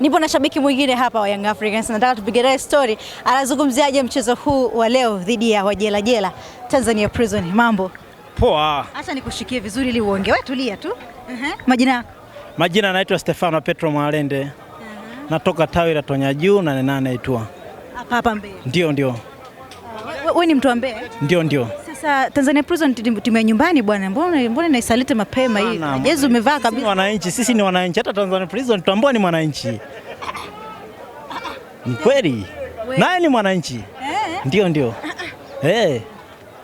Nipo na shabiki mwingine hapa wa Young Africans, nataka tupige naye story. Anazungumziaje mchezo huu wa leo dhidi ya wajelajela Tanzania Prison? Mambo poa. Acha nikushikie vizuri ili uonge. Wewe tulia tu. Uh-huh. Majina yako? Majina naitwa Stefano Petro Mwalende. Uh-huh. Natoka tawi la Tonya Juu na nane naitwa hapa hapa Mbeya. Ndio, ndio. Wewe ni mtu wa Mbeya? Ndio, ndio. Sasa Tanzania Prison timu ya nyumbani bwana, mbona mbona inaisaliti mapema hii? Jezi umevaa kabisa. Wananchi sisi ni wananchi, hata Tanzania Prison tutambua ni mwananchi. Ni kweli naye ni mwananchi eh. eh. Ndio, ndio eh.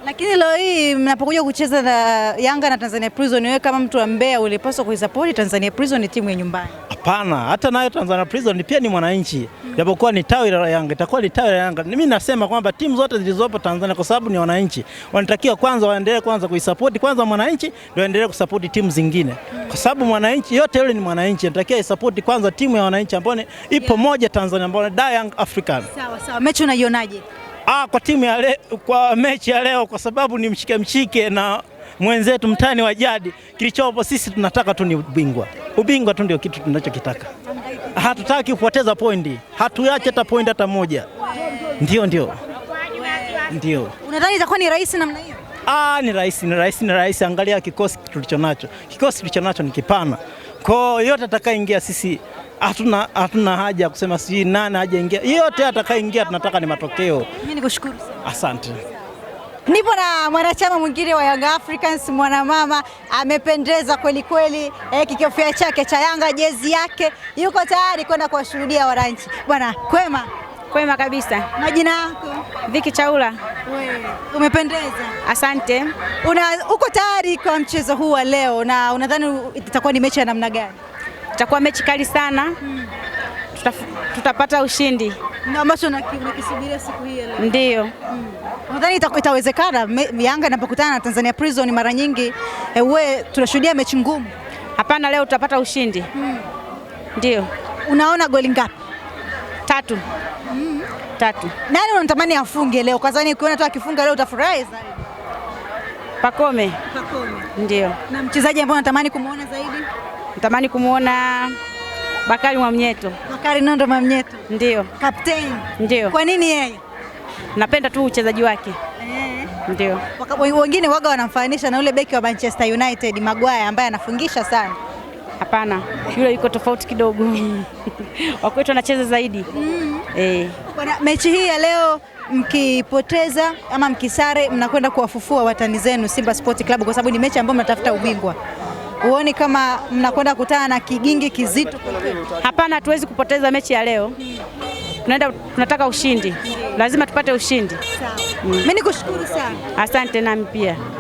Lakini leo hii mnapokuja kucheza na Yanga na Tanzania Prison, wewe kama mtu wa Mbeya ulipaswa kuisapoti Tanzania Prison, ni timu ya nyumbani. Hapana, hata nayo Tanzania Prison pia ni mwananchi, japokuwa ni tawi la Yanga, itakuwa ni tawi la Yanga. Mimi nasema kwamba timu zote zilizopo Tanzania, kwa sababu ni wananchi, wanatakiwa kwanza waendelee kwanza kuisupport kwanza mwananchi, ndio waendelee kusupport timu zingine, kwa sababu mwananchi yote yule ni mwananchi, anatakiwa isupport kwanza timu ya wananchi ambayo ipo yeah. moja Tanzania, ambayo ni Young African. Sawa sawa, mechi unaionaje? Ah, kwa timu ya le, kwa mechi ya leo, kwa sababu ni mshike mshike na mwenzetu mtani wa jadi, kilichopo sisi tunataka tu ni ubingwa. Ubingwa tu ndio kitu tunachokitaka. Hatutaki kupoteza pointi, hatuache hata pointi hata moja. Ndio, ndio, ndio. Unadhani itakuwa ni rahisi namna hiyo? Ah, ni rahisi, ni rahisi, ni rahisi. Angalia kikosi tulichonacho, kikosi tulichonacho ni kipana. Kwa yote atakayeingia sisi hatuna hatuna haja ya kusema sijui nani hajaingia, yote atakayeingia tunataka ni matokeo. Mimi nikushukuru sana. Asante. Nipo na mwanachama mwingine wa Young Africans, mwanamama amependeza kweli kweli, eh, kikofia chake cha Yanga, jezi yake, yuko tayari kwenda kuwashuhudia wananchi. Bwana, kwema? Kwema kabisa. Majina yako? Viki Chaula. Wewe umependeza, asante. Una, uko tayari kwa mchezo huu wa leo, na unadhani itakuwa ni mechi ya namna gani? Itakuwa mechi kali sana. Hmm. tutapata ushindi na ambacho unakisubiria siku hii leo. Ndio. Mm. Nadhani itawezekana Yanga inapokutana na Tanzania Prison mara nyingi uwe eh, tunashuhudia mechi ngumu. Hapana, leo tutapata ushindi. Mm. Ndio. Unaona goli ngapi? Tatu. Mm. Tatu. Nani unatamani afunge leo? Kwa sababu ukiona tu akifunga leo utafurahi zaidi. Pakome. Pakome. Ndio. Na mchezaji ambaye unatamani kumuona zaidi? Natamani kumuona Bakari Mwamnyeto. Bakari Nondo Mwamnyeto. Ndio. Captain. Ndio. Kwa nini yeye? Napenda tu uchezaji wake. Eh. Ndio. Wengine waga wanamfananisha na ule beki wa Manchester United Maguire ambaye anafungisha sana. Hapana, yule yuko tofauti kidogo wakwetu anacheza zaidi. mm. E. Mechi hii ya leo mkipoteza ama mkisare, mnakwenda kuwafufua watani zenu Simba Sports Club, kwa sababu ni mechi ambayo mnatafuta ubingwa huoni kama mnakwenda kutana na kigingi kizito? Hapana, hatuwezi kupoteza mechi ya leo. Tunaenda, tunataka ushindi, lazima tupate ushindi. Mimi nikushukuru sana, asante nami pia.